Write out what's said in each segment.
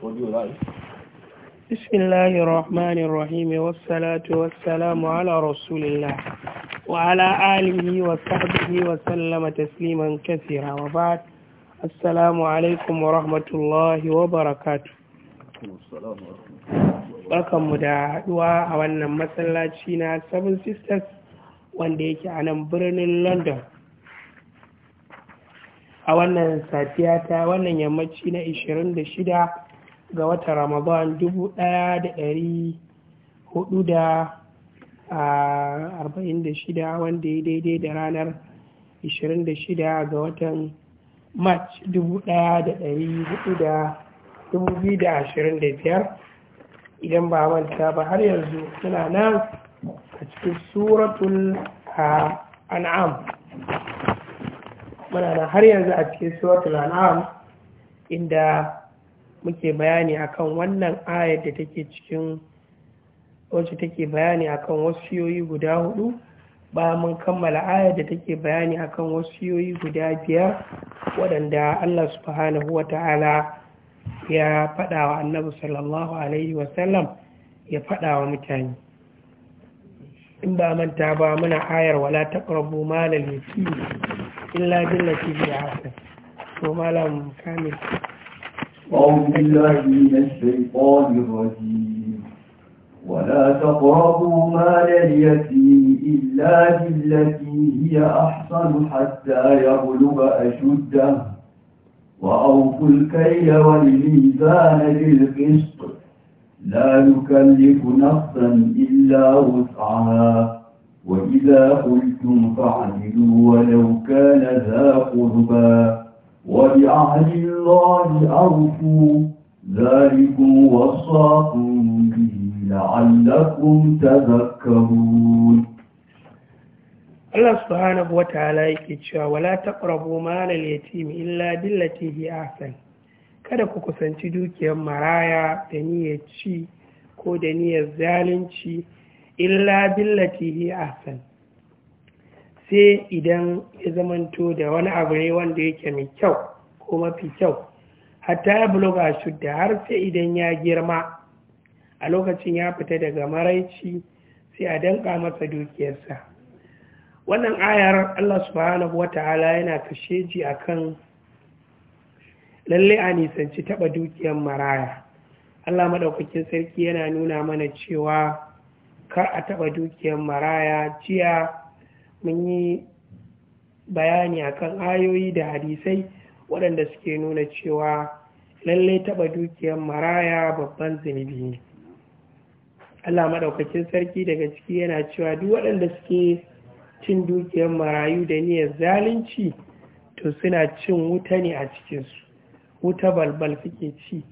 بسم الله الرحمن الرحيم والصلاة والسلام على رسول الله وعلى آله وصحبه وسلم تسليما كثيرا وبعد السلام عليكم ورحمة الله وبركاته barkanmu da haɗuwa a wannan masallaci na seven sisters wanda yake a nan birnin london a wannan safiya ta wannan yammaci na 26 ga wata ramadan dubu ɗaya da ɗari hudu da arba'in da shida wanda ya daidai da ranar ishirin da shida ga watan march dubu ɗaya da ɗari hudu da dubu biyu da ashirin da biyar idan ba manta ba har yanzu suna nan a cikin suratul an'am muna nan har yanzu a cikin suratul an'am inda muke bayani akan wannan ayar da take cikin wacce take bayani akan wasiyoyi guda hudu ba mun kammala ayar da take bayani akan wasiyoyi guda biyar waɗanda Allah subhanahu wa ta'ala ya faɗa wa annabi sallallahu alaihi wasallam ya faɗa wa mutane in ba manta ba muna ayar wala taqrabu malal yatim illa billati bi ahsan to malam kamil أعوذ بالله من الشيطان الرجيم ولا تقربوا مال اليتيم إلا بالتي هي أحسن حتى يغلب أشده وأوفوا الكيل والميزان بالقسط لا نكلف نفسا إلا وسعها وإذا قلتم فاعدلوا ولو كان ذا قربا وبعهد الله أوفوا ذلك وصاكم به لعلكم تذكرون Allah subhanahu wa ta'ala yake cewa wala taqrabu malal yatim illa billati hi ahsan kada ku kusanci dukiyar maraya da niyyar ci ko da niyyar zalunci illa billati hi ahsan sai idan ya zamanto da wani abu ne wanda yake mai kyau ko mafi kyau hatta ya buloga shudda har sai idan ya girma a lokacin ya fita daga maraici sai a danka masa dukiyarsa wannan ayar Allah subhanahu wata'ala yana kasheji akan lalle a nisanci taba dukiyar maraya Allah madaukakin sarki yana nuna mana cewa ka a taba dukiyar maraya jiya mun yi bayani akan ayoyi da hadisai waɗanda suke nuna cewa lallai taɓa dukiyar maraya babban zunubi ne Allah maɗaukakin sarki daga ciki yana cewa duk waɗanda suke cin dukiyar marayu da niyyar zalunci to suna cin wuta ne a cikinsu wuta balbal suke ci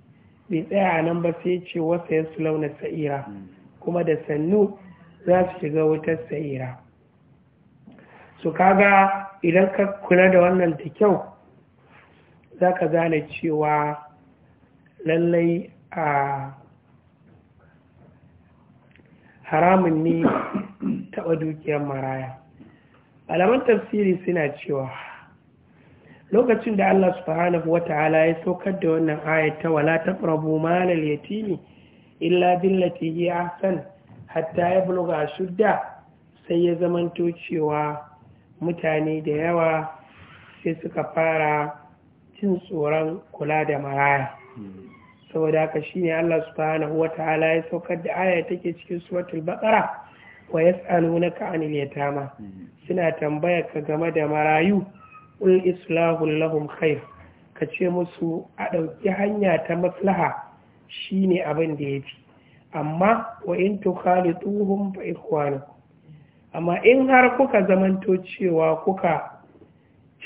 bai tsaya a nan ba sai ce wasa ya su launa sa'ira kuma da sannu za su shiga wutar sa'ira su kaga idan ka kula da wannan da kyau za ka gane cewa lallai a haramun ne taɓa dukiyar maraya alaman tafsiri suna cewa lokacin da Allah subhanahu wa ta'ala ya saukar da wannan ayat ta wala taqrabu malal yatimi illa billati hi ahsan hatta ya yablugha da. sai ya zamanto cewa mutane da yawa sai suka fara jin tsoron kula da maraya saboda haka shine Allah subhanahu wataala ya saukar da aya take cikin suratul baqara wa yas'alunaka anil yatama suna tambaya ka game da marayu ul islahu lahum khair ka ce musu a ɗauki hanya ta maslaha shine abin da ya fi. amma wa in tukhalituhum fa ikhwanukum amma in har kuka zamanto cewa kuka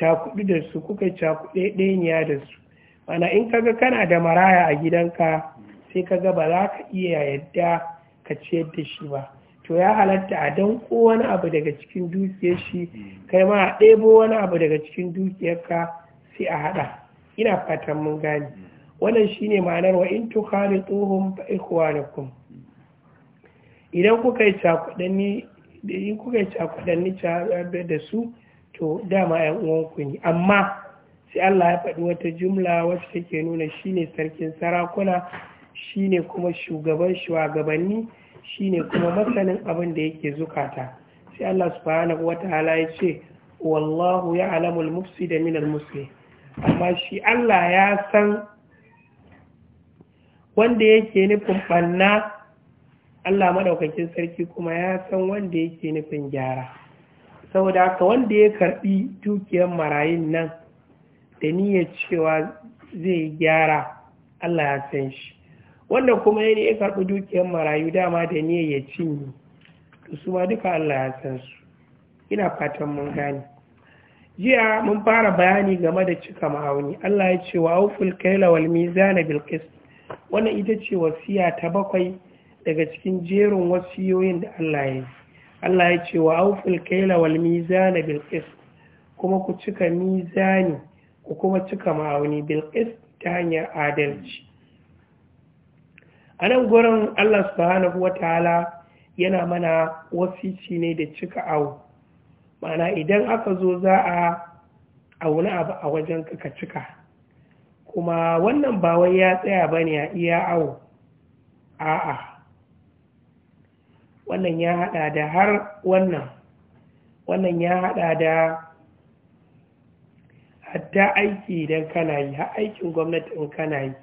cakuɗi da su kuka cakuɗe ɗeniya da su mana in kaga kana da maraya a gidanka sai kaga ba za ka iya yadda ka ciyar da shi ba to ya halatta a danko wani abu daga cikin dukiyar shi kai ma a ɗebo wani abu daga cikin dukiyarka sai a haɗa ina fatan mun gane wannan shine ma'anar wa in tuka fa tsohon idan kuka yi cakuɗanni idan kuka yi cakuɗanni da su to dama yan uwanku ne amma sai Allah ya faɗi wata jumla wacce take nuna shine sarkin sarakuna shine kuma shugaban shugabanni shine kuma masanin abin da yake zukata sai Allah subhanahu wataala ya ce wallahu ya'lamu al-mufsida min al-muslih amma shi Allah ya san wanda yake nufin banna Allah madaukakin sarki kuma ya san wanda yake nufin gyara saboda haka wanda ya karbi dukiyar marayun nan da niyya cewa zai gyara Allah ya san shi wanda kuma ya ne ya karbi dukiyar marayu dama da niyya ya cinye to su ma duka Allah ya san su ina fatan mun gane jiya mun fara bayani game da cika ma'auni Allah ya ce wa auful kaila wal mizana bil qist wannan ita ce wasiya ta bakwai daga cikin jerin wasiyoyin da Allah ya yi Allah ya ce wa auful kaila wal mizana bil qist kuma ku cika mizani ku kuma cika ma'auni bil qist ta hanyar adalci anan nan gurin Allah subhanahu wataala yana mana wasici ne da cika au ma'ana idan aka zo za a auna abu a wajen ka cika kuma wannan ba wai ya tsaya bane a iya au a'a wannan ya hada da har wannan wannan ya hada da hatta aiki idan kana yi har aikin gwamnati in kana yi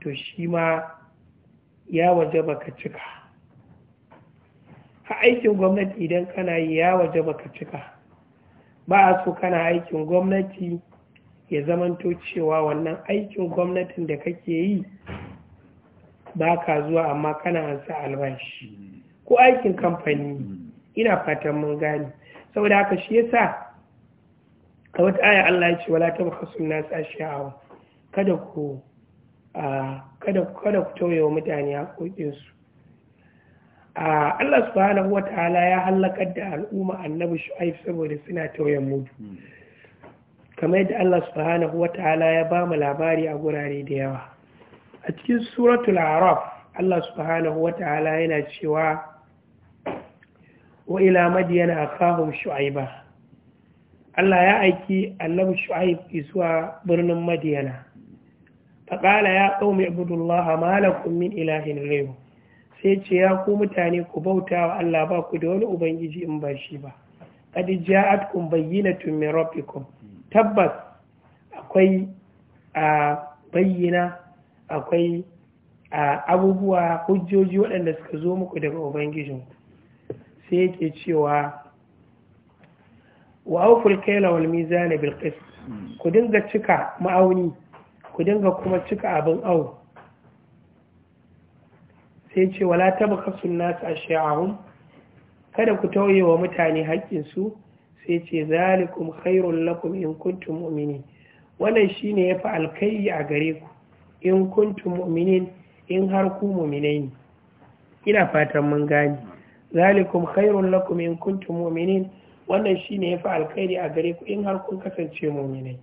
to shi ma ya waje baka cika har aikin gwamnati idan kana yi ya waje baka cika ba a so kana aikin gwamnati ya zamanto cewa wannan aikin gwamnatin da kake yi ba ka zuwa amma kana ansa albashi ko aikin kamfani ina fatan mun gani saboda haka shi yasa a wata aya Allah ya ce wala ta nas ashya'a a sha'awa. kada ku kada ku wa mutane haƙoƙin su Allah subhanahu wataala ya halakar da al'umma annabi shu'aib saboda suna tauye mutu kamar yadda Allah subhanahu wataala ya ba mu labari a gurare da yawa a cikin suratul araf Allah subhanahu wataala yana cewa wa ila madiyana akahum shu'aiba Allah ya aiki annabi shu'aib zuwa birnin madiyana faqala ya qaumi ibudullaha ma lakum min ilahin ghayru sai ce ya ku mutane ku bauta wa Allah ba ku da wani ubangiji in ba shi ba qad ja'atkum bayyinatun min rabbikum tabbas akwai a bayyana akwai abubuwa hujjoji waɗanda suka zo muku daga ubangijinku sai yake cewa wa auful kaila wal mizana bil qist ku dinga cika ma'auni ku dinga kuma cika abin au sai ce wala tabqasu nas ashya'ahum kada ku tauye wa mutane haƙƙinsu sai ce zalikum khairul lakum in kuntum mu'minin wannan shine yafi alkhairi a gare ku in kuntum mu'minin in har ku mu'minai ne ina fatan mun gane zalikum khairun lakum in kuntum mu'minin wannan shine yafi alkhairi a gare ku in har kun kasance mu'minai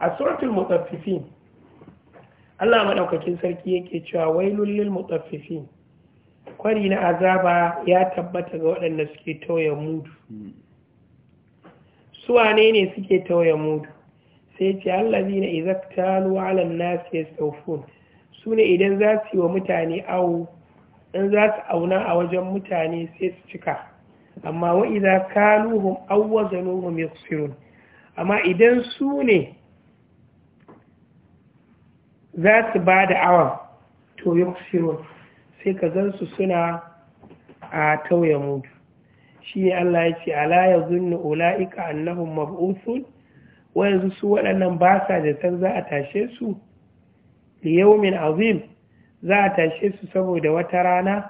a suratul mutaffifin Allah madaukakin sarki yake cewa wailul lil mutaffifin kwari na azaba ya tabbata ga waɗanda suke tauye mudu su wane ne suke tauye mudu sai ce allazi na izaktalu ala nasi yastawfun su ne idan za su yi wa mutane awo in za su auna a wajen mutane sai su cika amma wa idza kaluhum aw wazanuhum amma idan su ne za su ba da awon to sai ka gansu suna a tauye mutu shi ne Allah ya ce ala yazunnu ulaika annahum mab'uthun wa yanzu su waɗannan ba sa da za a tashe su liyaumin azim za a tashe su saboda wata rana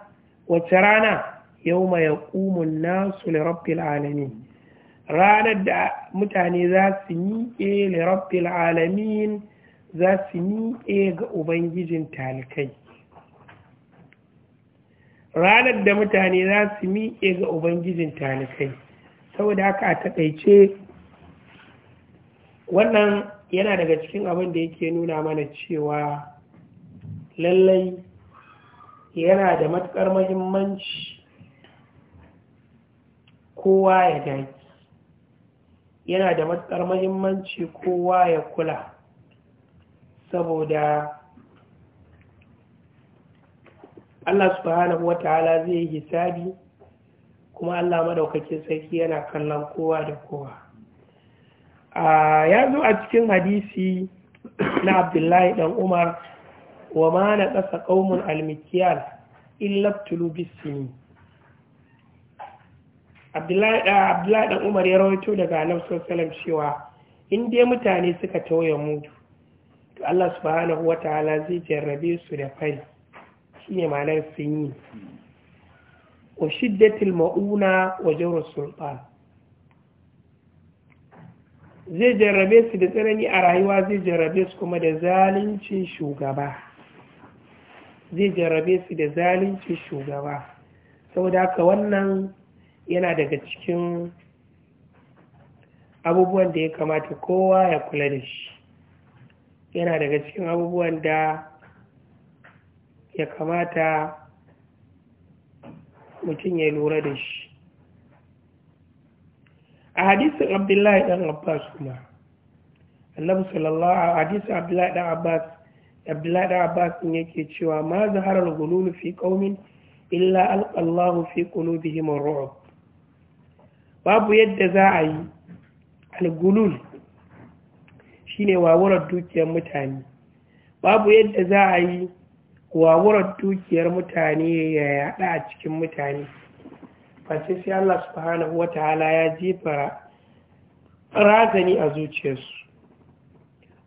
wacce rana yawma yaqumun nasu alamin ranar da mutane za su miƙe li alamin za su miƙe ga ubangijin talikai ranar da mutane za su miƙe ga ubangijin talikai saboda haka a taƙaice wannan yana daga cikin abin da yake nuna mana cewa lallai yana da matuƙar mahimmanci kowa ya daki yana da matuƙar mahimmanci kowa ya kula saboda Allah subhanahu wata'ala zai yi hisabi kuma Allah madaukakin sarki yana kallon kowa da kowa ah, ya zo a cikin hadisi na abdullahi dan umar wa ma na ƙasa ƙaumun almikiyar illabtulu bisini abdullahi ɗan ah, umar ya rawaito daga annabi salam cewa mutane suka tauye mutu. to Allah subhanahu wa ta'ala zai jarrabe su da fari shine ma'anar sun yi wa shiddatil ma'una wa jawr sultan zai jarrabe su da tsanani a rayuwa zai jarrabe su kuma da zaluncin shugaba zai jarrabe su da zalunci shugaba saboda haka wannan yana daga cikin abubuwan da ya kamata kowa ya kula da shi yana daga cikin abubuwan da ya kamata mutum ya lura da shi a hadisun abdullahi dan abbas kuma annabi sallallahu a hadisun abdullahi dan abbas abdullahi da abbas din yake cewa ma zaharar gululu fi qaumin illa alqallahu fi qulubihim ar-ru'b babu yadda za a yi al-gulul shine wawurar dukiyar mutane babu yadda za a yi wawurar dukiyar mutane ya yada a cikin mutane face sai Allah subhanahu wataala ya jefa razani a zuciyarsu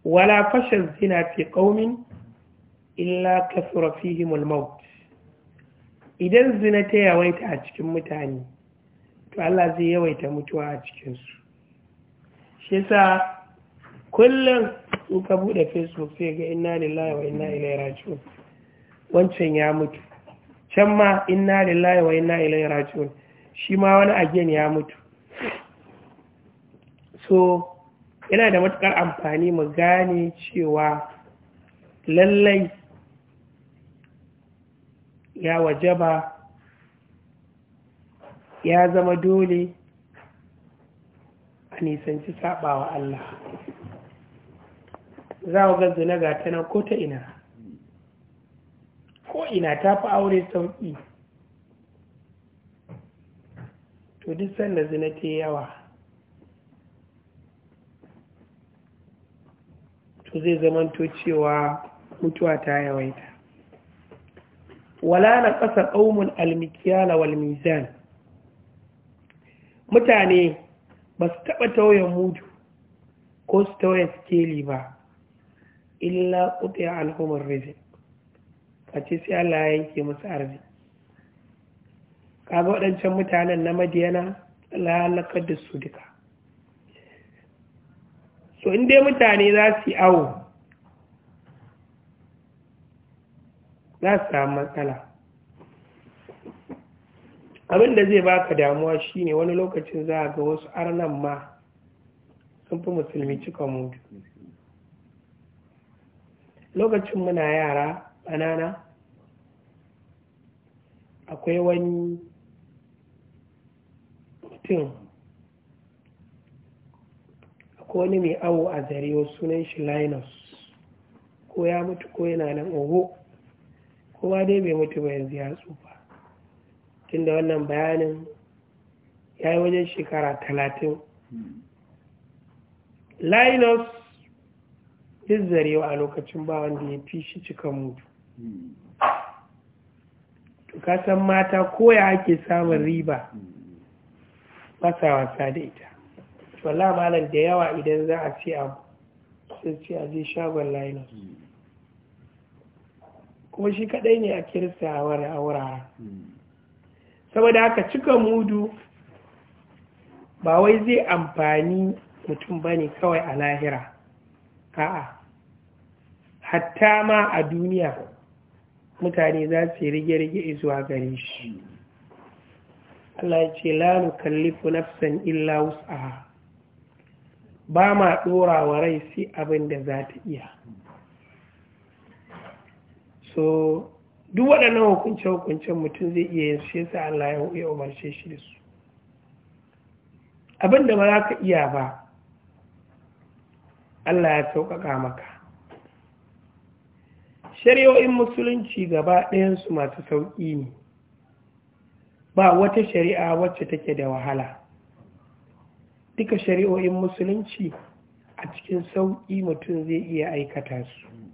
wala fashin zina fi ƙaumin illa kasura fihim al-maut idan zina ta yawaita a cikin mutane to Allah zai yawaita mutuwa a cikin su shi yasa kullum in ka bude facebook sai ga inna lillahi wa inna ilaihi raji'un wancan ya mutu can ma inna lillahi wa inna ilaihi raji'un shi ma wani agen ya mutu so yana da matukar amfani mu gane cewa lallai ya wajaba ya zama dole a nisanci saɓawa Allah za ku ga zina gata nan ko ta ina ko ina ta fi aure sauƙi to duk sanda zina ta yawa to zai zamanto cewa mutuwa ta yawaita wala na ƙasa ƙaumin almikiyala wal mizan mutane ba su taɓa tauye mudu ko su tauye skeli ba illa ƙuta alhumar rizik ka ce sai Allah ya yanke musu arziki kaga waɗancan mutanen na madiyana Allah ya da su duka so in dai mutane za su yi awo za su samu matsala abin da zai baka damuwa shine wani lokacin za a ga wasu arnan ma sun fi musulmi cika mudu lokacin muna yara banana. akwai wani mutum akwai wani mai awo a zare sunan shi linus ko ya mutu ko yana nan Ogo? kowa dai bai mutu ba yanzu ya tsufa tunda wannan bayanin ya yi wajen shekara talatin linus duk zarewa a lokacin ba wanda ya fi shi cikan mutu Tukasan mata koya ake samun riba masa wasa da ita wallah malam da yawa idan za a ce abu sai ce a je shagon linus kuma shi kadai ne a kirista a wurare saboda haka cika mudu ba wai zai amfani mutum ba ne kawai a lahira a'a hatta ma a duniya mutane za su yi rige-rige zuwa gare shi Allah ya ce lalu kallifu nafsan illa wus'aha ba ma ɗora wa rai sai abin da za ta iya so duk waɗannan hukunce-hukuncen mutum zai iya yin shi sa Allah ya umarce shi da su abin da ba za ka iya ba Allah ya sauƙaƙa maka shari'o'in musulunci gaba ɗayansu masu sauƙi ne ba wata shari'a wacce take da wahala duka shari'o'in musulunci a cikin sauƙi mutum zai iya aikata su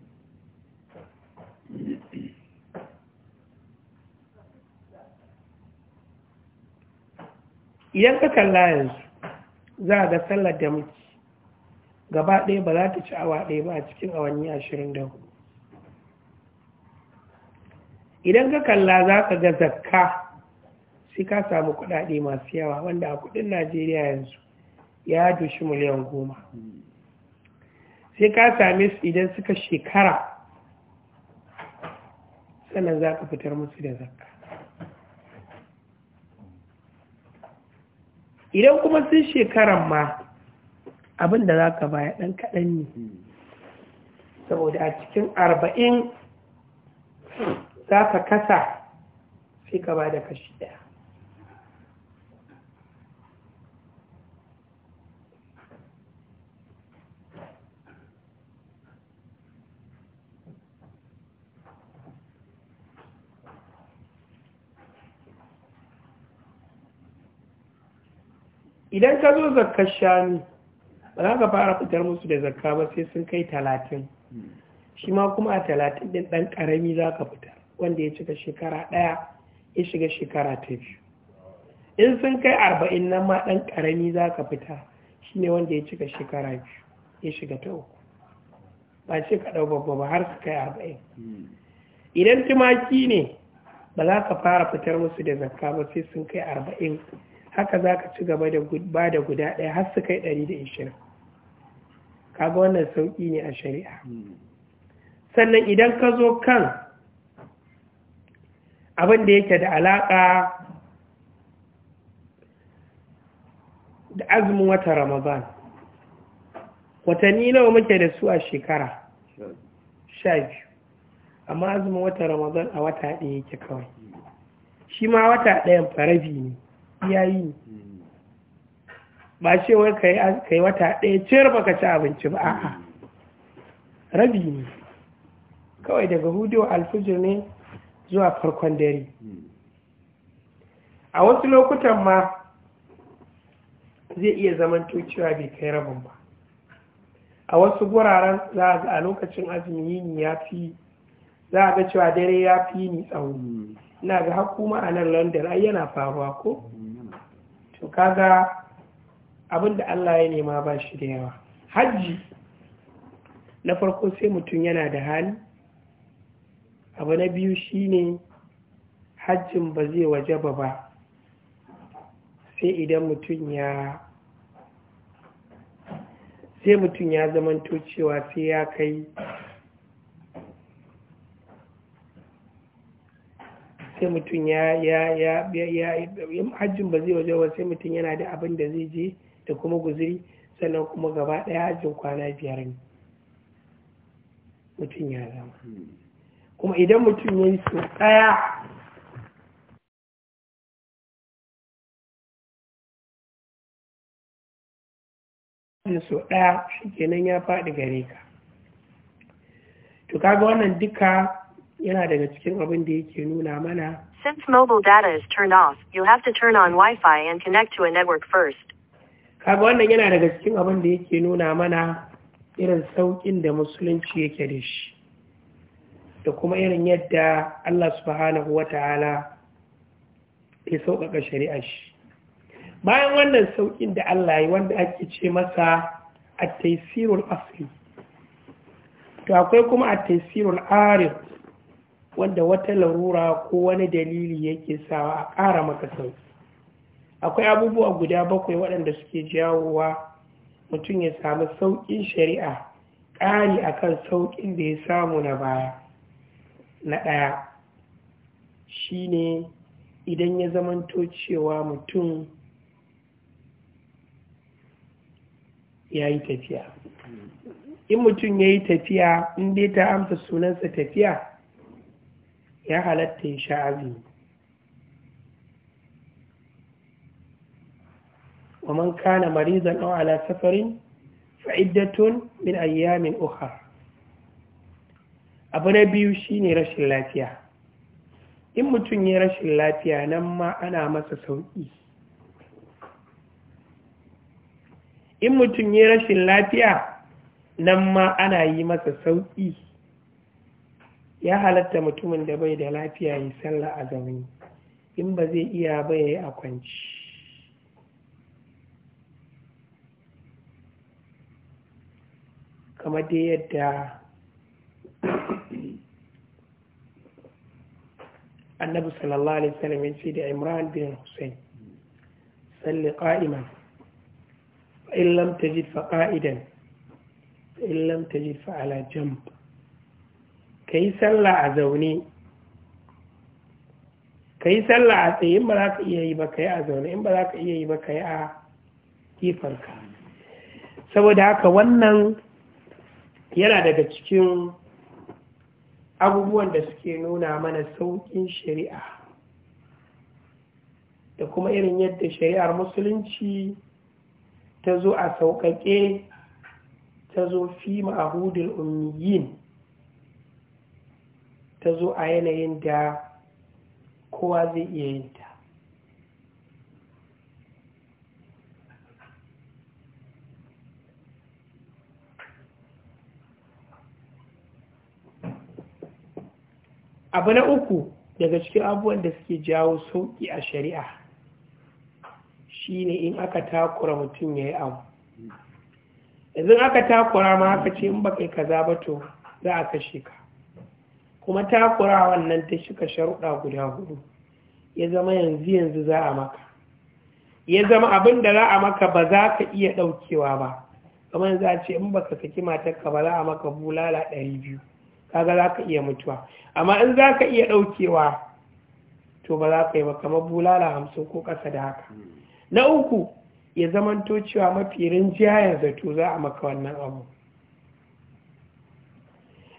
idan ka kalla yanzu za a ga sallar da muke gaba ɗaya ba za ta ci awa ɗaya ba a cikin awanni ashirin da hudu idan ka kalla za ka ga zakka sai ka samu kuɗaɗe masu yawa wanda a kuɗin najeriya yanzu ya dushi miliyan goma sai ka same su idan suka shekara sannan za ka fitar musu da zakka idan kuma sun shekaran ma abin da za ka baya ɗan kaɗan ne saboda a cikin arba'in za ka kasa sai ka ba da kashi ɗaya idan ka zo zakka shanu ba za ka fara fitar musu da zakka ba sai sun kai talatin shi ma kuma a talatin din ɗan ƙarami za ka fitar wanda ya cika shekara ɗaya ya shiga shekara ta biyu in sun kai arba'in nan ma ɗan ƙarami za ka fita shi ne wanda ya cika shekara biyu ya shiga ta uku ba ce ka dau babba ba har su kai arba'in idan tumaki ne ba za ka fara fitar musu da zakka ba sai sun kai arba'in haka za ka ci gaba da ba da guda ɗaya har su kai ɗari da ishirin kaga wannan sauƙi ne a shari'a sannan idan ka zo kan abin da yake da alaƙa da azumin wata ramadan watanni nawa muke da su a shekara sha biyu amma azumin wata ramadan a wata ɗaya yake kawai shi ma wata ɗayan farabi ne ya yi ba ce wai ka yi wata ɗaya ciyar baka ci abinci ba a'a rabi ne kawai daga hudu alfijir ne zuwa farkon dare a wasu lokutan ma zai iya zaman cewa bai kai rabin ba a wasu guraren za a ga lokacin azumi yin ya fi za a ga cewa dare ya fi ni tsawo ina ga hakuma a nan london ai yana faruwa ko to kaga abinda Allah ya nema ba shi da yawa hajji na farko sai mutum yana da hali abu na biyu shine hajjin ba zai ba ba sai idan mutum ya sai mutum ya zamanto cewa sai ya kai sai mutum ya ya ya ya hajjin ba zai waje ba sai mutum yana da abin da zai je da kuma guziri sannan kuma gaba ɗaya hajjin kwana biyar ne mutum ya zama kuma idan mutum ya yi su ɗaya so ɗaya shi kenan ya faɗi gare ka to kaga wannan duka yana daga cikin abin da yake nuna mana Since mobile data is turned off, you have to turn on Wi-Fi and connect to a network first. Kaga wannan yana daga cikin abin da yake nuna mana irin saukin da musulunci yake da shi. Da kuma irin yadda Allah subhanahu wa ta'ala ya sauƙaƙa shari'a shi. Bayan wannan sauƙin da Allah yi wanda ake ce masa a taisirul asli. To akwai kuma a taisirul arif wanda wata larura ko wani dalili yake sawa a ƙara maka sauki akwai abubuwa guda bakwai waɗanda suke jawowa mutum ya samu sauƙin shari'a ƙari akan sauƙin da ya samu na baya na ɗaya shine idan ya zamanto cewa mutum ya yi tafiya in mutum ya yi tafiya in dai ta amsa sunansa tafiya ya halatta ya sha azumi man kana مريضا أو ala safarin فعدة min ayyamin أخرى abu na biyu shine rashin lafiya in mutum ya rashin lafiya nan ma ana masa sauƙi in mutum ya rashin lafiya nan ma ana yi masa sauƙi ya halatta mutumin da bai da lafiya yi sallah a zaune in ba zai iya ba ya yi a kwanci kamar dai yadda annabi sallallahu alaihi wasallam ya ce da imran bin hussein salli qa'iman fa in lam tajid fa qa'idan fa in lam tajid fa ala jamb ka yi sallah a zaune ka sallah a tsaye in ba za ka iya yi ba ka yi a zaune in ba za ka iya yi ba ka yi a kifarka saboda haka wannan yana daga cikin abubuwan da suke nuna mana sauƙin shari'a da kuma irin yadda shari'ar musulunci ta zo a sauƙaƙe ta zo fi ma'ahudul ummiyin ta zo a yanayin da kowa zai iya yin ta abu na uku daga cikin abubuwan da suke jawo sauƙi a shari'a shine in aka takura mutum ya yi abu yanzu aka takura ma aka ce in baka yi kaza ba to za a kashe ka kuma takura wannan ta shika sharuɗa guda hudu ya zama yanzu yanzu za a maka ya zama abin da za a maka ba za ka iya ɗaukewa ba kamar za a ce in ba baka saki matarka ba za a maka bulala ɗari biyu kaga za ka iya mutuwa amma in za ka iya ɗaukewa to ba za ka yi ba kamar bulala hamsin ko ƙasa da haka hmm. na uku ya zamanto cewa mafi yanzu to za a maka wannan abu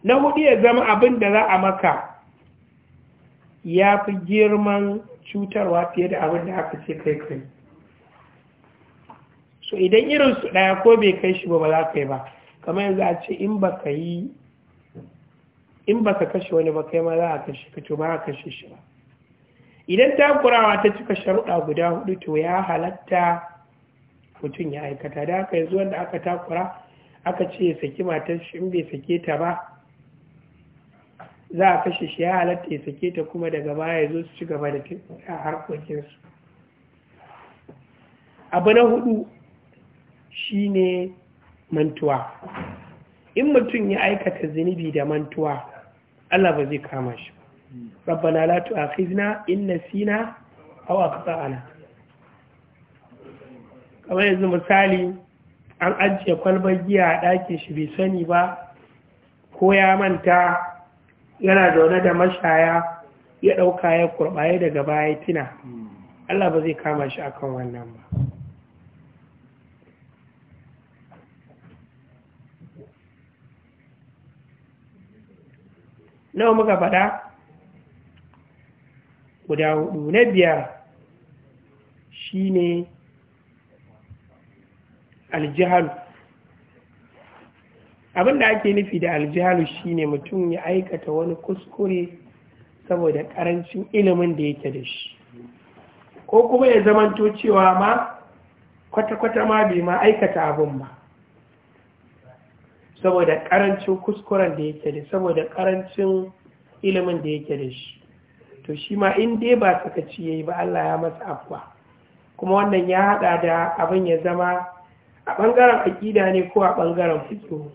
na hudu ya zama abin da za a maka ya fi girman cutarwa fiye da abin da aka ce kai kai so idan irin su daya ko bai kai shi ba ba za ka yi ba kamar yanzu a ce in ba ka yi in ba ka kashe wani ba kai ma za a kashe ka to ba a kashe shi ba idan takurawa ta cika sharuɗa guda hudu to ya halatta mutum ya aikata da haka yanzu wanda aka takura aka ce ya saki matar shi in bai sake ta ba za a kashe shi ya halatta ya sake ta kuma daga baya ya zo su ci gaba da harkokinsu abu na hudu shi ne mantuwa in mutum ya aikata zunubi da mantuwa Allah ba zai kama shi rabbana la tu'akhizna in nasina aw akhtana kamar yanzu misali an ajiye kwalbar giya a ɗakin shi bai sani ba ko ya manta yana zaune da mashaya ya ɗauka ya kurɓaye daga baya tina Allah ba zai kama shi akan wannan ba nawa muka faɗa guda hudu na biyar shine aljihar abin da ake nufi da aljihalu shine mutum ya aikata wani kuskure saboda karancin ilimin da yake da shi ko kuma ya zamanto cewa ma kwata-kwata ma bai ma aikata abin ba saboda karancin kuskuren da yake da saboda karancin ilimin da yake da shi to shi ma in dai ba sakaci yayi ba Allah ya masa afwa kuma wannan ya haɗa da abin ya zama a bangaren aƙida ne ko a ɓangaren fito?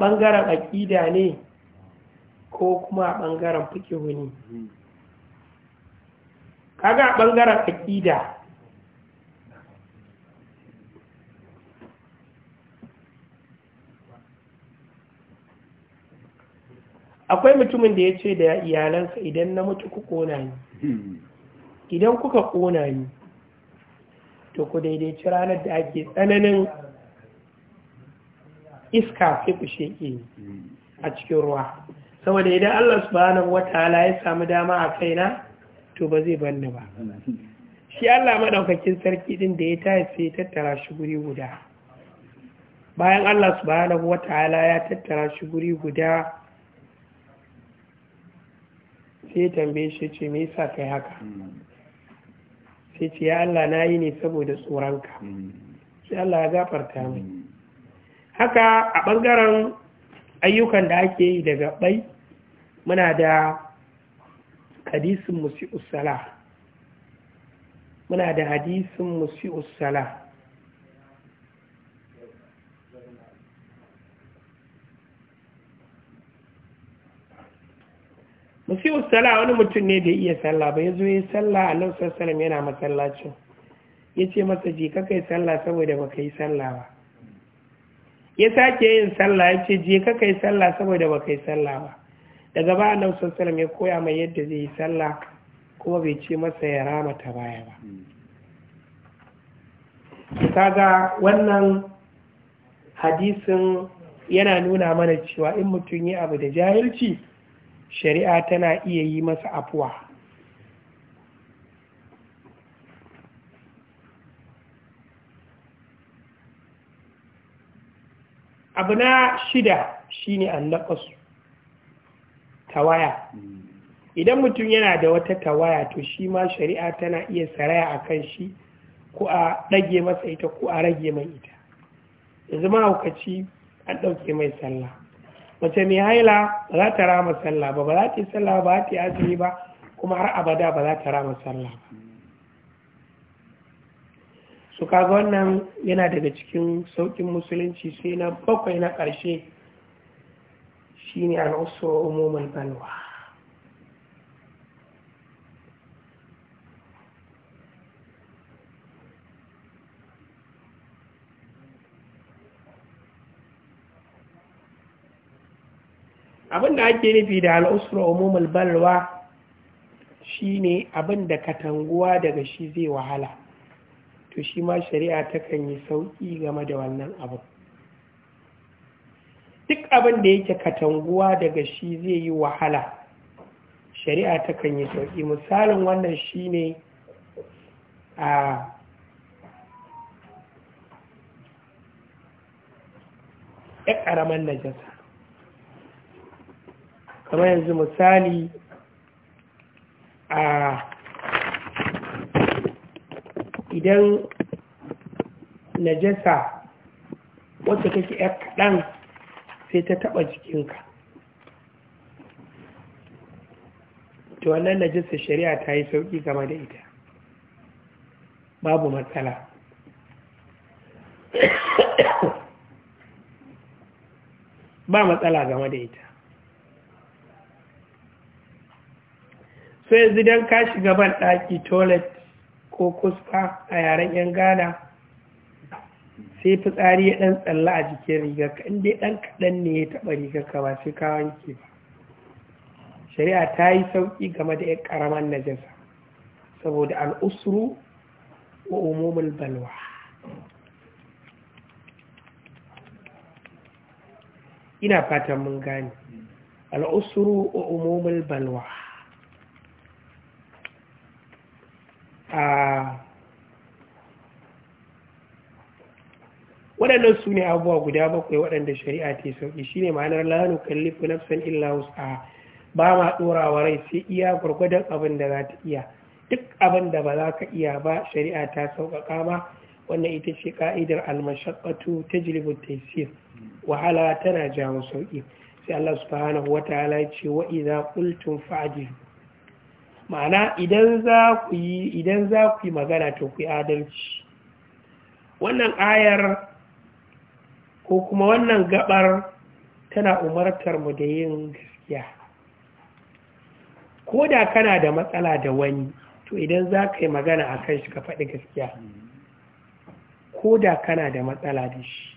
bangaren ɓangaren aƙida ne ko kuma a ɓangaren fikihu huni? kaga a ɓangaren aƙida akwai mutumin da ya ce da iyalansa idan na mutu ku ƙona ni idan kuka ƙona ni to ku daidaici ranar da ake tsananin iska sai ku sheke hmm. a cikin ruwa saboda idan Allah subhanahu wataala ya samu dama a kaina to ba zai banni ba shi Allah madaukakin sarki din da ya taya sai ya tattara shi guri guda bayan Allah subhanahu wataala ya tattara shi guri guda sai ya tambaye shi ce me yasa kai haka hmm. sai ce ya Allah na yi ne saboda tsoronka hmm. sai Allah ya gafarta mini haka a ɓangaren ayyukan da ake yi daga gaɓai muna da hadisin usala muna da hadisin musi'ussala usala wani mutum ne da iya sallah ba ya zo yi sallah a nan salam yana masallacin ya ce masa je kakai sallah saboda ka yi sallah ba ya sake yin sallah ya ce je ka kai sallah saboda ba kai sallah ba daga ba annabi sallallahu ya koya mai yadda zai yi sallah kuma bai ce masa ya rama ta baya ba ga wannan hadisin yana nuna mana cewa in mutum yi abu da jahilci shari'a tana iya yi masa afuwa abu na shida shi shine annaqasu tawaya idan mutum yana da wata tawaya to shi ma shari'a tana iya saraya a kan shi ko a ɗage masa ita ko a rage mai ita yanzu mahaukaci an ɗauke mai sallah mace mai haila ba za ta rama sallah ba ba za ta yi sallah ba ba ta yi azumi ba kuma har abada ba za ta rama sallah ba su kaga wannan yana daga cikin saukin musulunci sai na bakwai na ƙarshe shi ne an umumin balwa abinda ake nufi da al'usra umumul balwa shine abinda katanguwa daga shi zai wahala to shi ma shari'a takan yi sauƙi game da wannan abu duk abin da yake katanguwa daga shi zai yi wahala shari'a takan yi sauƙi misalin wannan shi ne a ya ƙaramin najasa kamar yanzu misali a idan najasa wacce kake yar kaɗan sai ta taɓa jikinka to wannan najasa shari'a ta yi sauƙi game da ita babu matsala ba matsala game da ita sai yanzu don ka shiga ban ɗaki toilet ko kuska a yaren yan gana sai fitsari ya ɗan tsalla a jikin rigar ka inda ɗan kaɗan ne ya taɓa rigar ka ba sai ka wanke ba shari'a ta yi sauƙi game da yan ƙaramar najasa saboda al'usru wa umumul balwa ina fatan mun gane al'usru wa umumul balwa a waɗannan su ne abubuwa guda bakwai waɗanda shari'a ta sauƙi shi ne ma'anar lanu kallifu nafsan illa wasu ba ma ɗorawa rai sai iya gwargwadon abin da za ta iya duk abin da ba za ka iya ba shari'a ta sauƙaƙa ba, wannan ita ce ƙa'idar ka'idar ta tajlibu taysir wahala tana jawo sauƙi sai Allah subhanahu wata ya ce wa idza qultum ma'ana idan za ku yi idan za ku yi magana to ku yi adalci wannan ayar ko kuma wannan gabar tana umartar mu da yin gaskiya ko da kana da matsala da wani to idan za ka yi magana a kan shi ka faɗi gaskiya ko da kana da matsala da shi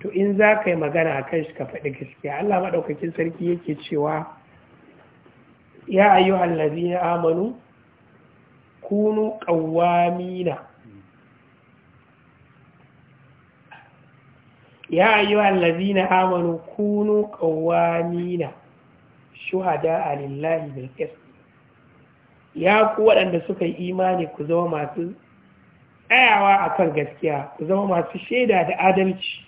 to in za ka yi magana a kan shi ka faɗi gaskiya allah maɗaukakin sarki yake cewa ya ayyuhal ya amanu kunu qawwamina ya ayyuhal na amanu kunu shuhada lillahi bil ya ku waɗanda suka yi imani ku zama masu tsayawa akan gaskiya ku zama masu shaida da adalci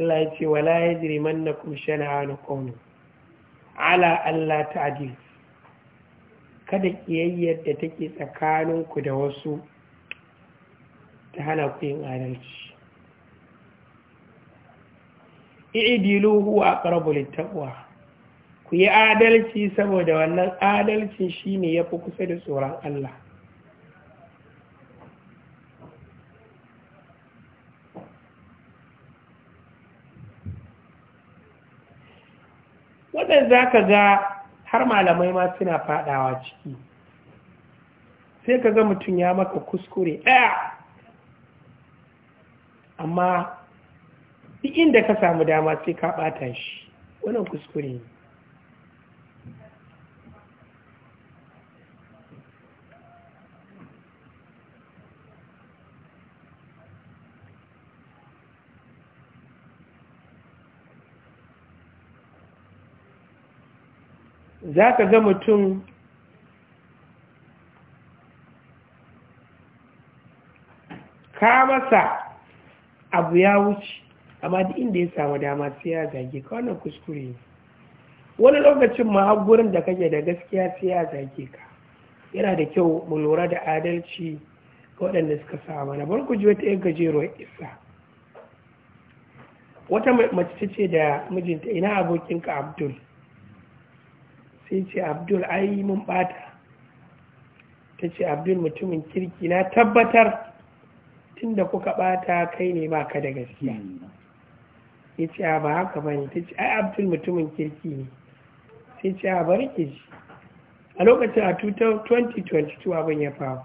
Allah ya ce wala yajrimannakum shana'anu qawmin ala Allah ta'dil kada kiyayyar da take tsakaninku da wasu ta hana ku yin adalci i'dilu huwa aqrabu littaqwa ku yi adalci saboda wannan adalcin shine yafi kusa da tsoron Allah wannan za ka ga har malamai ma suna fadawa ciki sai ka ga mutum ya maka kuskure ɗaya amma duk inda ka samu dama sai ka ɓata shi wannan kuskure ne za ka ga mutum ka masa abu ya wuce amma da inda ya samu dama sai ya zage ka wannan kuskure ne wani lokacin ma da kake da gaskiya sai ya zage ka yana da kyau mu lura da adalci ga waɗanda suka samu na bar ku ji wata yan gajeruwar isa wata mace ce da mijinta ina abokinka abdul sai ce abdul ai mun bata ta ce abdul mutumin kirki na tabbatar tunda kuka bata kai ne ba ka da gaskiya ya ce a ba haka ba ne ta ce ai abdul mutumin kirki ne sai ce a bari ke ji a lokacin a 2022 abin ya faru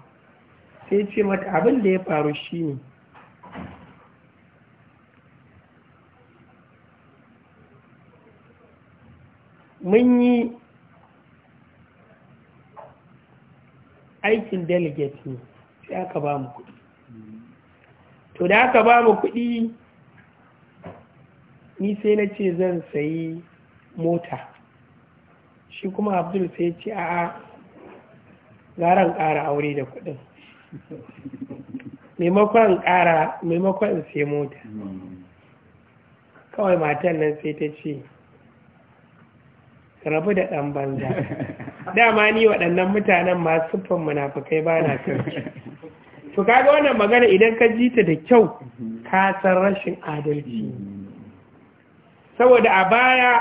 sai ce mata abin da ya faru shi ne mun yi aikin delegate ne sai aka ba mu kuɗi to da aka ba mu kuɗi ni sai na ce zan sayi mota shi kuma abdul sai ce a'a garan ƙara aure da kuɗin maimakon ƙara maimakon sai mota kawai matan nan sai ta ce rabu da ɗan banza dama ni waɗannan mutanen masu siffar munafukai ba na sarki to kaga wannan magana idan ka ji ta da kyau ka san rashin adalci saboda a baya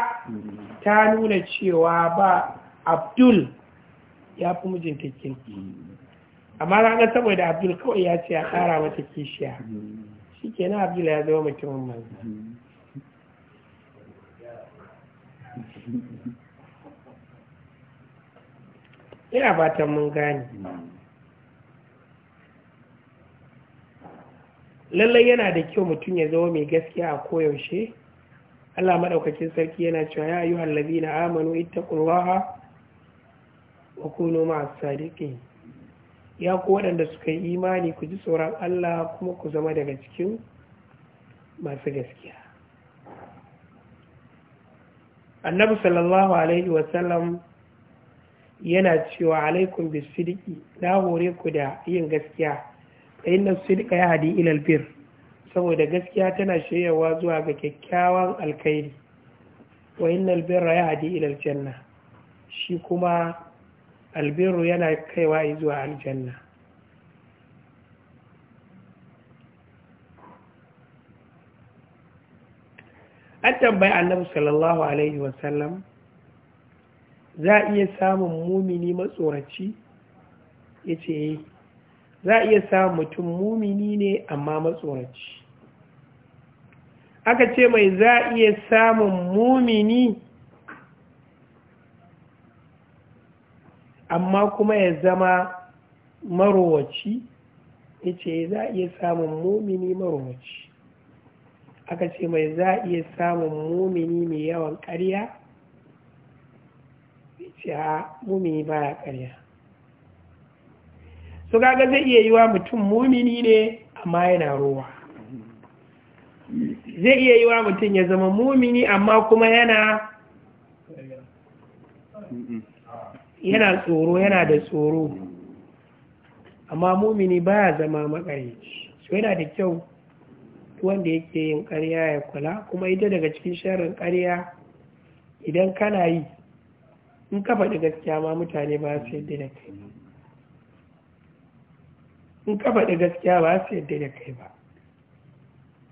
ta nuna cewa ba abdul ya fi mijinta kirki amma ranar saboda abdul kawai ya ce ya kara mata kishiya shi kenan abdul ya zama mutumin mazi ina fatan mun gane lallai yana da kyau mutum ya zama mai gaskiya a koyaushe Allah maɗaukakin sarki yana cewa ya yi hallabi na amanu ita ƙulwaha wa kuno masu sadiƙi ya ku waɗanda suka yi imani ku ji tsoron Allah kuma ku zama daga cikin masu gaskiya annabi sallallahu alaihi wasallam yana cewa alaikum bisidiki na hore ku da yin gaskiya fa inna ya hadi ila albir saboda gaskiya tana shiryawa zuwa ga kyakkyawan alkhairi wa inna albirra hadi ila aljanna shi kuma albirru yana kaiwa zuwa aljanna an tambayi annabi sallallahu alaihi wasallam za a iya samun mumini matsoraci ya ce eh, za a iya samun mutum mumini ne amma matsoraci aka ce mai za a iya samun mumini amma kuma ya zama marowaci ya ce eh, za a iya samun mumini marowaci aka ce mai za a iya samun mumini mai yawan ƙarya ce mumi ba baya ƙarya su kaga zai iya yi wa mutum mumini ne amma yana ruwa zai iya yi wa mutum ya zama mumini amma kuma yana yana tsoro yana da tsoro amma mumini baya zama makarici so yana da kyau wanda yake yin ƙarya ya kula kuma ita daga cikin sharin ƙarya idan kana yi in ka faɗi gaskiya ma mutane ba su yadda da kai ba in ka faɗi gaskiya ba su yadda da kai ba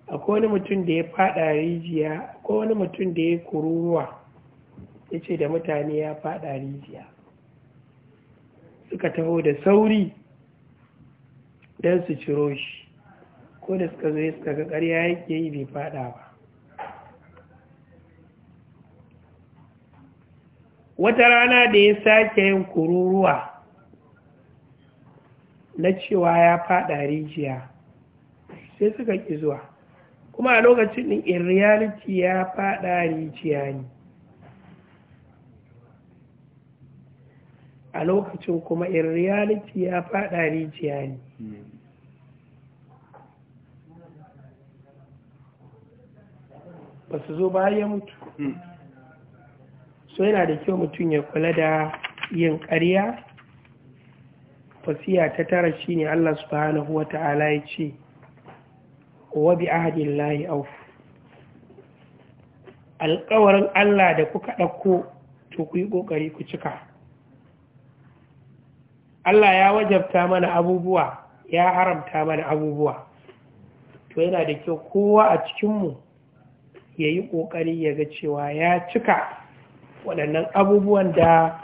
akwai wani mutum da ya faɗa rijiya akwai wani mutum da ya kururuwa ya ce da mutane ya faɗa rijiya suka taho da sauri don su ciro shi ko da suka zo suka ga ƙarya yake yi bai faɗa ba wata rana da ya sake yin kururuwa na cewa ya fada rijiya sai suka ƙi zuwa kuma a lokacin ɗin in reality ya fada rijiya ne a lokacin kuma in reality ya fada rijiya ne ba su zo ba ya mutu hmm. so yana da kyau mutum ya kula da yin ƙarya Fasiya ta tara shi ne Allah subhanahu wa ta'ala ya ce wa bi ahadin lahi auf alƙawarin Allah da kuka ɗauko to ku yi ƙoƙari ku cika Allah ya wajabta mana abubuwa ya haramta mana abubuwa to yana da kyau kowa a cikinmu ya yi ƙoƙari ya ga cewa ya cika waɗannan abubuwan da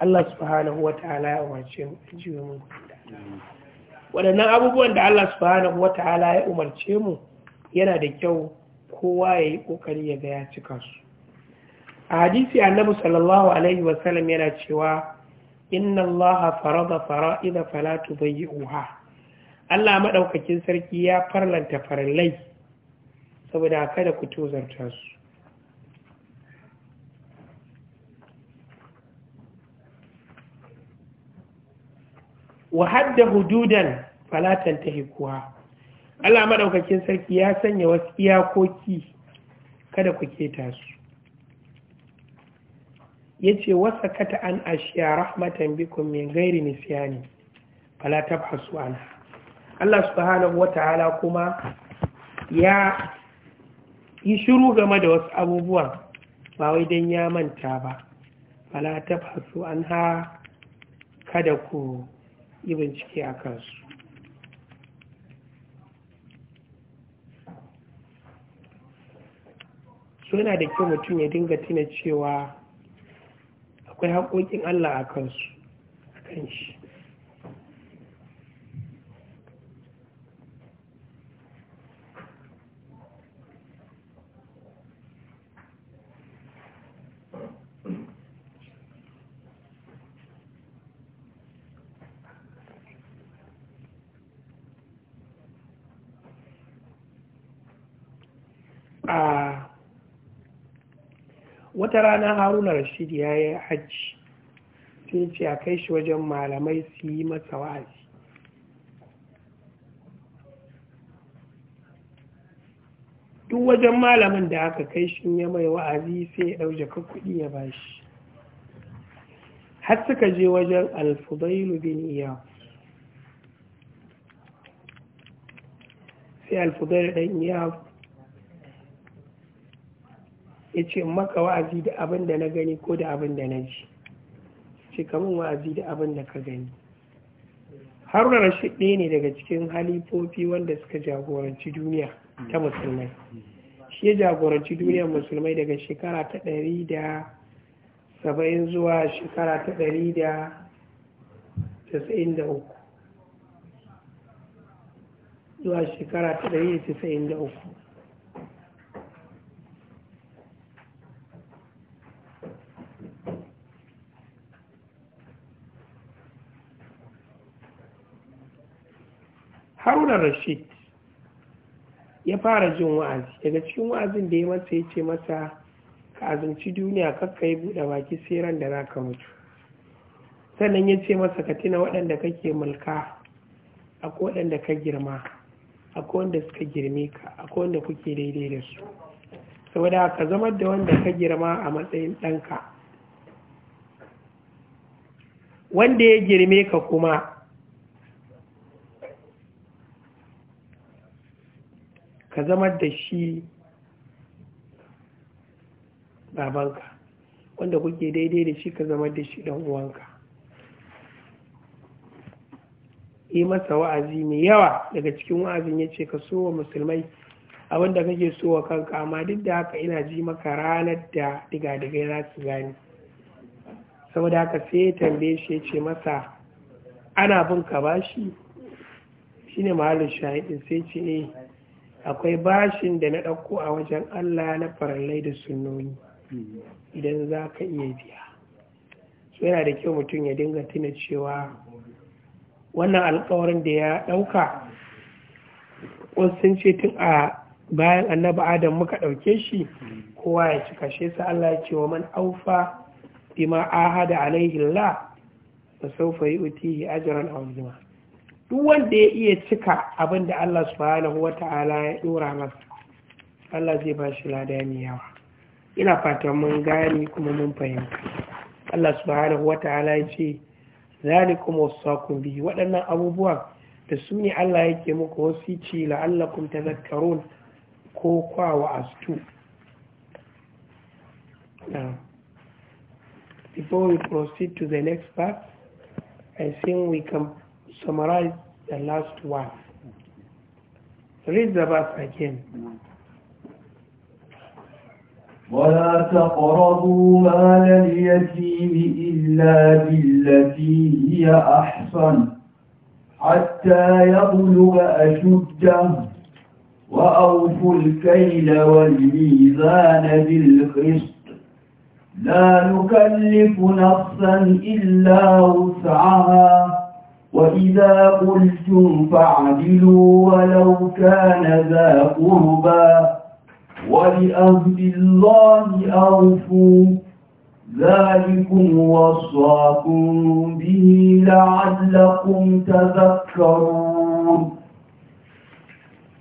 Allah subhanahu wa ta'ala ya umarce mu jiwe mu waɗannan abubuwan da Allah subhanahu wa ta'ala ya umarce mu yana da kyau kowa ya yi ƙoƙari ya ga ya cika su a hadisi annabi sallallahu alaihi wasallam yana cewa inna Allah farada fara'ida fala tubayyi'uha Allah madaukakin sarki ya farlanta farallai saboda kada ku tozarta su wa hadda hududan falatan ta hikuwa Allah maɗaukakin sarki ya sanya wasu iyakoki kada ku keta su ya ce wasa kata an ashiya rahmatan bikum min gairi nisiyani fala tabhasu anha Allah subhanahu wata'ala kuma ya yi shiru game da wasu abubuwan ba wai dan ya manta ba fala tabhasu anha kada ku yi bincike a kansu suna da kyau mutum ya dinga tuna cewa akwai haƙoƙin allah a kansu a kan wata rana haruna rashidi ya yi hajji sai ce a kai shi wajen malamai su yi masa wa'azi duk wajen malamin da aka kai shi ya mai wa'azi sai ya ɗauje ka kuɗi ya ba shi har suka je wajen alfudailu bin iya sai alfudailu ɗan iya ya ce maka wa'azi da abin da na gani ko da abin da na ji ce kamun wa'azi da abin da ka gani haruna rashi ɗaya ne daga cikin halifofi wanda suka jagoranci duniya ta musulmai shi ya jagoranci duniyar musulmai daga shekara ta ɗari da saba'in zuwa shekara ta ɗari da tasa'in da uku zuwa shekara ta ɗari da tasa'in da uku haruna rashid ya fara jin wa'azi daga cikin wa'azin da ya masa ya ce masa ka azumci duniya kakka yi buɗe baki sai ran da za ka mutu sannan ya ce masa ka tuna waɗanda kake mulka akwai waɗanda ka girma akwai wanda suka girme ka akwai wanda kuke daidai da su saboda ka zama da wanda ka girma a matsayin ɗanka wanda ya girme ka kuma ka zama da shi babanka wanda kuke daidai da shi ka zama da shi dan uwanka yi masa wa'azi mai yawa daga cikin wa'azin ya ce ka so wa musulmai abinda kake so wa kanka amma duk da haka ina ji maka ranar da diga digadigai za su gani saboda haka sai ya tambaye shi ya ce masa ana bin ka bashi shine mahallin shahidin sai ce eh akwai bashin da na ɗauko a wajen Allah na farallai da sunoni idan za ka iya biya Su yana da kyau mutum ya dinga tuna cewa wannan alkawarin da ya ɗauka sun ce tun a bayan annabi adam muka ɗauke shi kowa ya cika shi sa Allah ya ce wa man aufa bima ahada alaihi Allah fa sawfa yu'tihi ajran azima duk wanda ya iya cika abin da Allah subhanahu ta'ala ya dora masa Allah zai ba shi ladani yawa ina fata mun gani kuma mun fahimta Allah subhanahu ta'ala ya ce zalikum wasaqum bi waɗannan abubuwa da su ne Allah yake muku wasici la'allakum tadhakkarun ko kwa wa astu before we proceed to the next part I think we can summarize the last one. Read the verse again. ولا تقربوا مال اليتيم إلا بالتي هي أحسن حتى يبلغ أشده وأوفوا الكيل والميزان بالقسط لا نكلف نفسا إلا وسعها وإذا قلتم فاعدلوا ولو كان ذا قربى ولأهد الله أوفوا ذلكم وصاكم به لعلكم تذكرون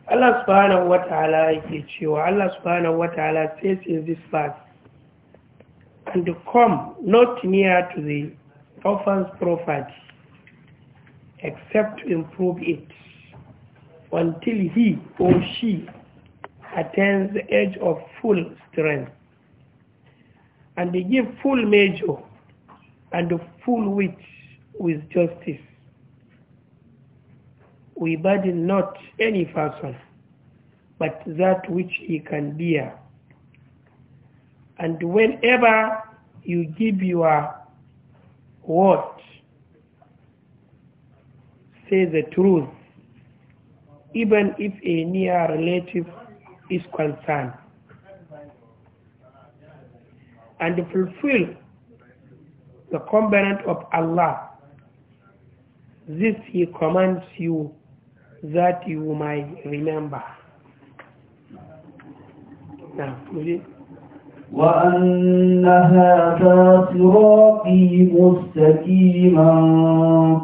Allah subhanahu wa ta'ala yake cewa Allah subhanahu wa ta'ala says in this verse, And come not near to the orphan's property, except to improve it until he or she attains the age of full strength and they give full measure and full weight with justice. We burden not any person, but that which he can bear. And whenever you give your word say the truth, even if a near relative is concerned, and fulfill the covenant of Allah. This He commands you that you may remember. Now, وأن هذا صراطي مستقيما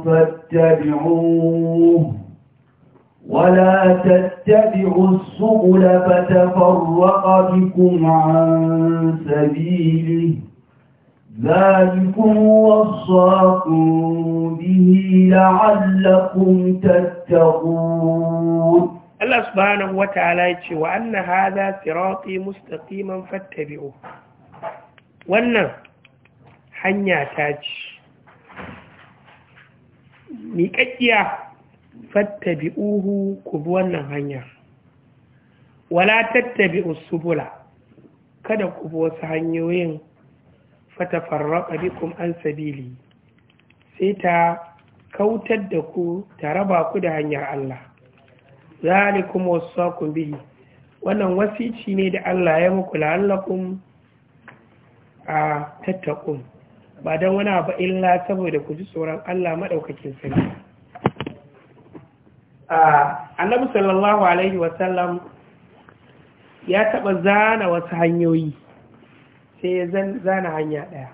فاتبعوه ولا تتبعوا السبل فتفرق بكم عن سبيله ذلكم وصاكم به لعلكم تتقون Allah subhanahu wa ta'ala ya ce wa anna hadha sirati mustaqiman fattabi'u wannan hanya ta ce kakkiya fattabi'uhu ku bi wannan hanya wala tattabi'u subula kada ku bi wasu hanyoyin fatafarraqa bikum an sabili sai ta kautar da ku ta raba ku da hanyar Allah zalikum wasaqu bihi wannan wasici ne da Allah ya muku la'allakum a tattaqun ba dan wani ba illa saboda ku ji tsoron Allah madaukakin sarki annabi sallallahu alaihi wasallam ya taba zana wasu hanyoyi sai ya zana hanya ɗaya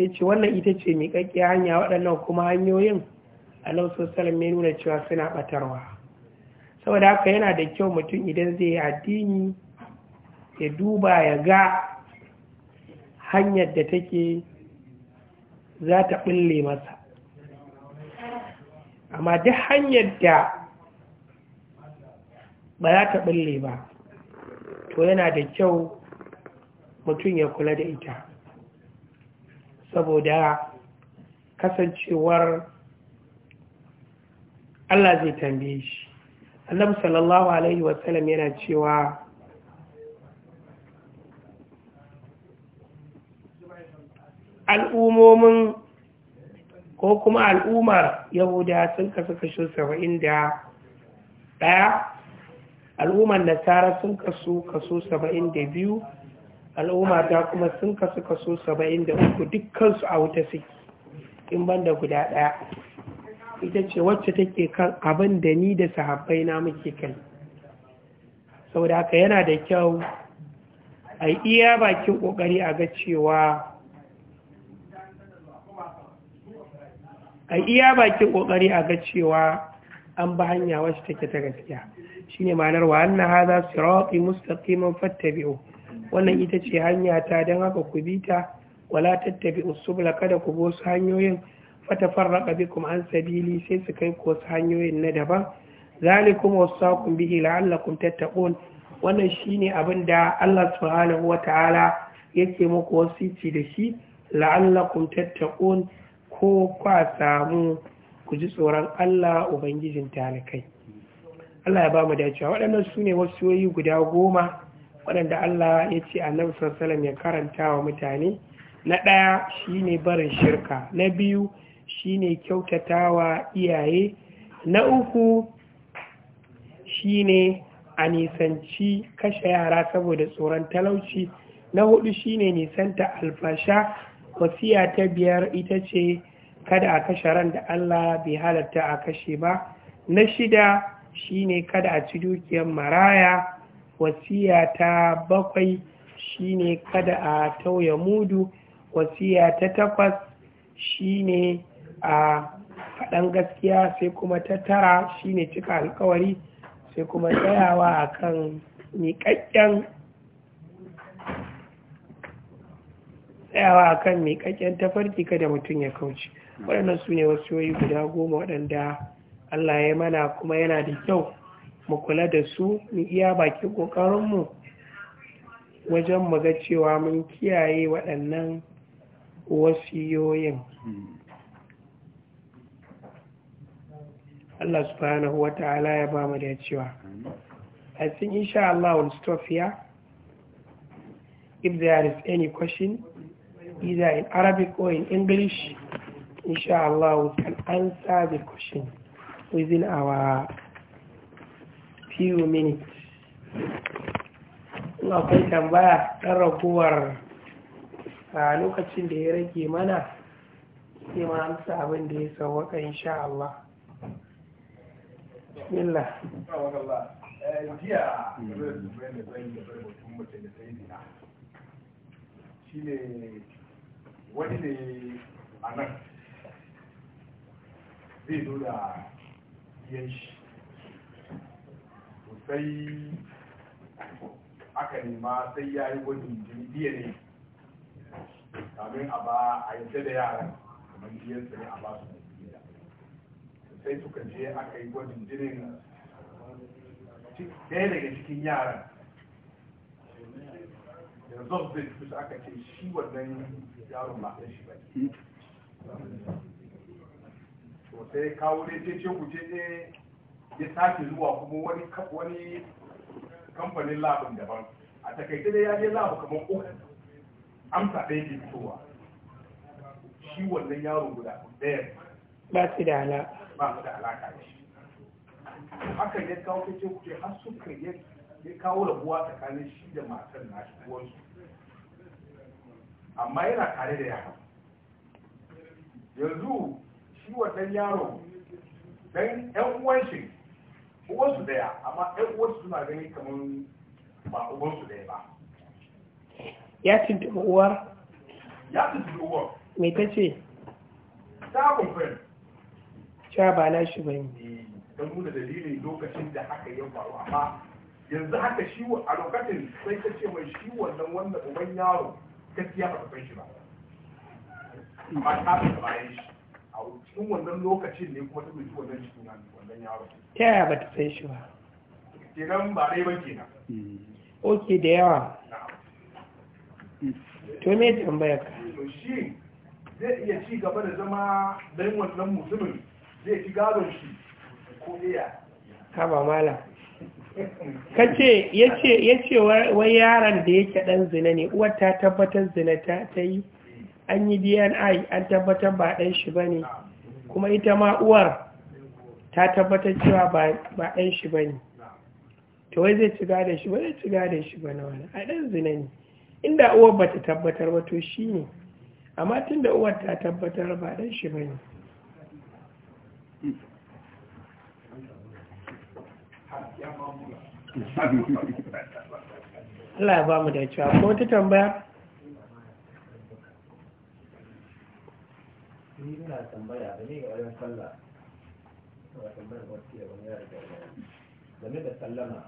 sai ce wannan ita ce miƙaƙƙiya hanya waɗannan kuma hanyoyin a lausar salam ya nuna cewa suna ɓatarwa saboda haka yana da kyau mutum idan zai yi addini ya duba ya ga hanyar da take za ta ɓulle masa amma duk hanyar da ba za ta ɓulle ba to yana da kyau mutum ya kula da ita saboda kasancewar Allah zai tambaye shi Allah sallallahu alaihi wasallam yana cewa al'ummomin ko kuma al'ummar yahuda sun kasu kashi saba'in da ɗaya al'ummar nasara sun kasu kaso saba'in da biyu al'ummar ta kuma sun kasu kaso saba'in da uku dukkansu a wuta suke in banda guda ɗaya ita ce wacce take kan abin da ni da sahabbai na muke kai saboda haka yana da kyau a iya bakin kokari a ga cewa a iya bakin kokari a ga cewa an ba hanya wacce take ta gaskiya shine ma'anar wa anna hadha sirati mustaqiman fattabi'u wannan ita ce hanya ta dan haka ku bi ta wala tattabi'u subula kada ku bi wasu hanyoyin bi kuma an sabili sai su kai ko su hanyoyin na daban zalikum wasaqum bihi la'allakum tattaqun wannan shine abin da Allah subhanahu ta'ala yake muku wasici da shi la'allakum tattaqun ko kwa samu ku ji tsoron Allah ubangijin talakai Allah ya ba mu dacewa waɗannan su ne yoyi guda goma waɗanda Allah ya ce annabi sallallahu ya karanta wa mutane na ɗaya shine barin shirka na biyu shine kyautatawa iyaye na uku shine a nisanci kashe yara saboda tsoron talauci na hudu shine nisanta alfasha wasiya ta biyar ita ce kada a kashe ran da Allah bai halatta a kashe ba na shida shine kada a ci dukiyar maraya wasiya ta bakwai shine kada a tauya mudu wasiya ta takwas shine a faɗan gaskiya sai kuma tattara shi shine cika alkawari sai kuma tsayawa a kan miƙaƙƙen tsayawa a kan miƙaƙƙen tafarki kada mutum ya kauce waɗannan su ne wasu yoyi guda goma waɗanda allah ya mana kuma yana da kyau mu kula da su mu iya bakin ƙoƙarinmu wajen mu ga cewa mun kiyaye waɗannan wasu wasiyoyin hmm. Allah subhanahu wa ta'ala ya ba mu I think inshallah we'll stop here if there is any question either in Arabic or in English inshallah we can answer the question within our few minutes ina kai tambaya raguwar a lokacin da ya rage mana sai amsa abin da ya insha Allah bismillah eh, jiya shi ne wani ne a nan zai zo da yan shi sai aka nema sai ya yi wani jirgiya ne kamin a ba a yadda da yaran kamar biyan ne a ba su sai suka je aka yi gwajin jinin ɗaya daga cikin yaran da result zai fito aka ce shi wannan yaron ba ɗan shi ba to sai kawo ne ce ce ku ce ne ya sake zuwa kuma wani kamfanin labin daban a takaice dai ya je labu kamar uku amsa ɗaya ke fitowa shi wannan yaro guda ɗaya ba su da ala ba mu da alaka da shi haka ya kawo kace kuce har suka ya kawo rabuwa tsakanin shi da matan nashi su. amma yana tare da yaro yanzu shi wannan yaro dan yan uwan shi su daya amma yan uwansu suna gani kamar ba uwansu daya ba ya tuntuɓi uwar ya tuntuɓi uwar me ta ce ta kumfani Sha ba na shi bane eh, don nuna dalilin lokacin da haka ya faru amma yanzu haka shi a lokacin sai ta ce mai shi wannan wanda uban yaro gaskiya ba ta san shi ba amma ta fi bayan shi a cikin wannan lokacin ne kuma ta mai wannan shi wannan yaro ta yaya ba ta san shi ba kenan ba dai ba kenan hmm. ok da yawa to me tambaya ka shi zai iya ci gaba da zama dan wannan mutumin zai fi gadon shi ko iya Kaba mala kace yace yace wai yaron da yake dan zina ne uwar ta tabbatar zina ta ta yi an yi DNA an tabbatar ba dan shi bane kuma ita ma uwar ta tabbatar cewa ba dan shi bane to wai zai ci gadon shi ba zai ci gadon shi ba na wani a dan zina ne inda uwar bata tabbatar ba to shine amma tunda uwar ta tabbatar ba dan shi bane Allah ba mu da cewa ko ta tambaya? Ni ina tambaya da ne ga sallah. tambayar da game da sallama.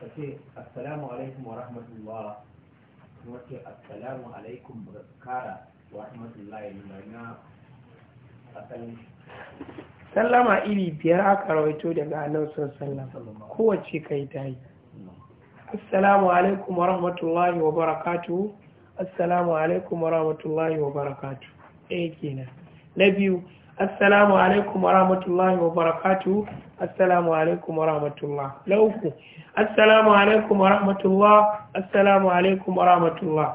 Ka ce, Assalamu alaikum wa rahmatullah. Kuma ce, Assalamu alaikum wa kara wa rahmatullah ya asalin sallama iri biyar aka rawaito daga annabi sallallahu kowace kai ta yi assalamu alaikum wa rahmatullahi wa barakatu assalamu alaikum wa rahmatullahi wa barakatu eh kenan na biyu assalamu alaikum wa rahmatullahi wa barakatu assalamu alaikum wa rahmatullah na uku assalamu alaikum wa rahmatullah assalamu alaikum wa rahmatullah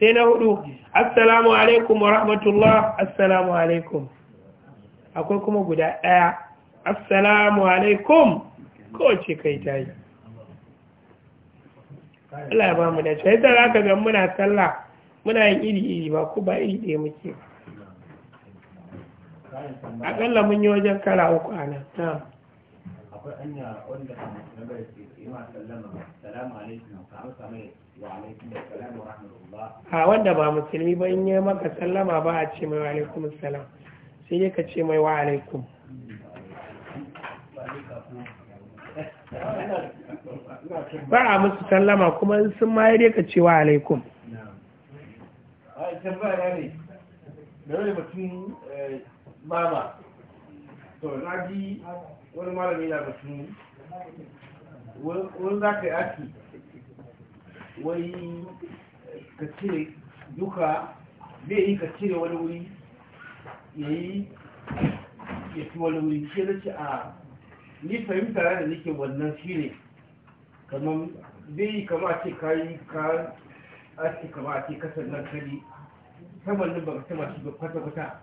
sai na hudu assalamu alaikum wa rahmatullah assalamu alaikum akwai kuma guda ɗaya assalamu alaikum kowace kai ta yi Allah ya ba mu da za ka ga muna sallah muna yin iri-iri ba ku ba iri ɗaya muke akalla mun yi wajen kara uku a nan ta akwai anya wanda sallama salamu alaikum ka wa alaikum salamu a wanda ba musulmi ba in yi maka sallama ba a ce mai wa alaikum salam sai dai ka ce mai wa alaikum ba a musu sallama kuma sun ma dai ka ce wa alaikum eh, mama to na ji wani malami na wani za ka yi wani ka cire duka zai yi ka cire wani wuri yayi yi ya fi wani wuri shi na ce a ni fahimta yana nake wannan shi ne kamar bai kama a ce ka yi ka ake kama a ce kasar nan kari saman nan ba ka sama shi kwata-kwata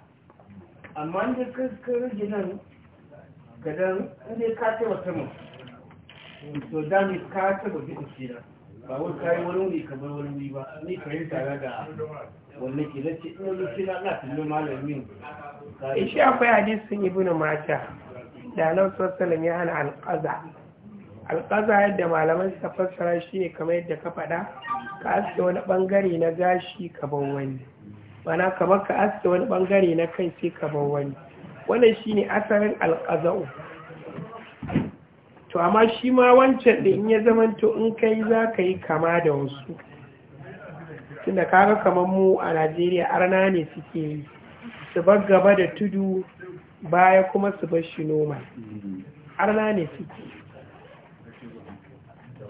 amma inda ka rage nan gadan ne ka taba mu, to dami ka taba duk shi ba wani kayan wani wuri kamar wani wuri ba ni fahimta tare da wannan ke na ce ina nufi na na tunan malamin ishi akwai hadisin ibnu mata da nan sassalam ya hana alƙaza alƙaza yadda malaman suka fassara shi ne kamar yadda ka faɗa ka aske wani ɓangare na gashi ka bar wani mana kamar ka aske wani ɓangare na kai sai ka bar wani wannan shine asalin alƙaza'u to amma shi ma wancan da in ya to in kai za ka yi kama da wasu tunda kaga kamar mu a najeriya arna ne suke yi su bar gaba da tudu baya kuma su bar shi noma arna ne suke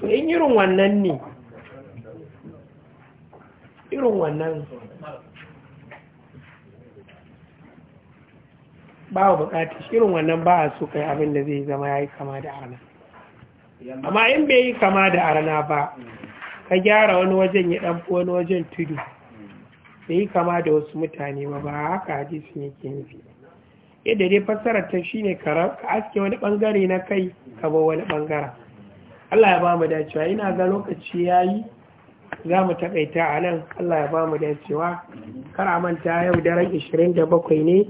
to in irin wannan ne irin wannan ba bukatar irin wannan ba a so kai abin da zai zama ya yi kama da arna amma in bai yi kama da arna ba ka gyara wani wajen ya ɗanfi wani wajen tudu bai yi kama da wasu mutane ba ba haka hadisi ke nufi yadda dai fassarar ta shi ne ka aske wani bangare na kai ka bar wani ɓangaren. Allah ya ba mu dacewa ina ga lokaci ya yi, za mu takaita a nan Allah ya ba mu dacewa kar a manta yau daren 27 ne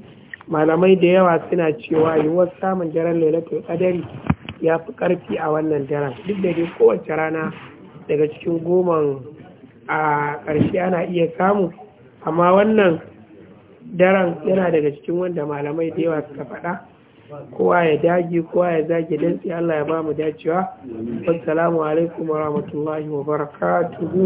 malamai da yawa suna cewa yiwuwar samun daren ya ƙadari. ya fi ƙarfi a wannan daren duk da dai kowace rana daga cikin goman a ƙarshe ana iya samu amma wannan daren yana daga cikin wanda malamai da yawa suka faɗa kowa ya dage kowa ya zage don sai Allah ya ba mu dacewa salamu alaikum wa rahmatullahi wa barakatuhu